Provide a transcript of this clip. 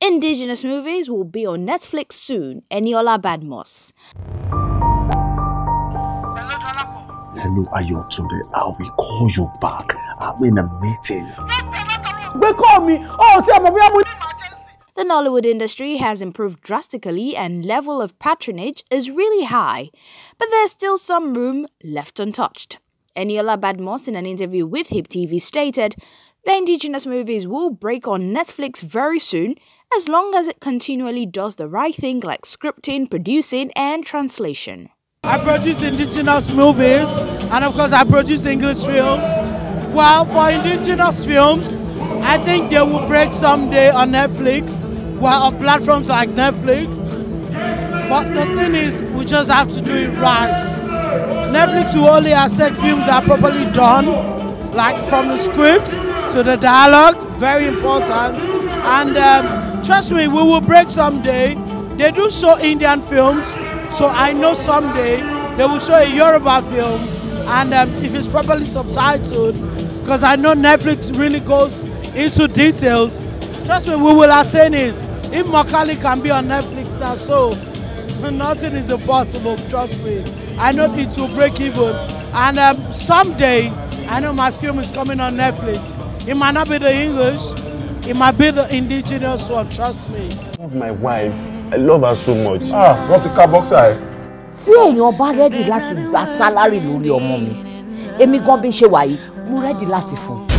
Indigenous movies will be on Netflix soon. Eniola Badmos. Hello, Ayotunde. I will call you back. I'm in a meeting. They call me. Oh, tell me. The Nollywood industry has improved drastically and level of patronage is really high, but there's still some room left untouched. Eniola Badmos, in an interview with Hip TV, stated, The indigenous movies will break on Netflix very soon as long as it continually does the right thing like scripting, producing, and translation. I produce indigenous movies and, of course, I produce English films. Well, for indigenous films, I think they will break someday on Netflix, well, on platforms like Netflix. But the thing is, we just have to do it right. Netflix will only accept films that are properly done, like from the script to the dialogue, very important. And um, trust me, we will break someday. They do show Indian films, so I know someday they will show a Yoruba film, and um, if it's properly subtitled, because I know Netflix really goes into details. Trust me, we will attain it. If Makali can be on Netflix that's so Nothing is impossible, trust me. I know it will break even. And um, someday, I know my film is coming on Netflix. It might not be the English, it might be the indigenous one, trust me. I love my wife. I love her so much. Ah, what ti ká bọ́ksà ẹ̀. Tí èèyàn bá rẹ́dì láti gba sálárì lórí ọmọ mi, èmi gan bí ń ṣe wà yìí, mo rẹ́dì láti fún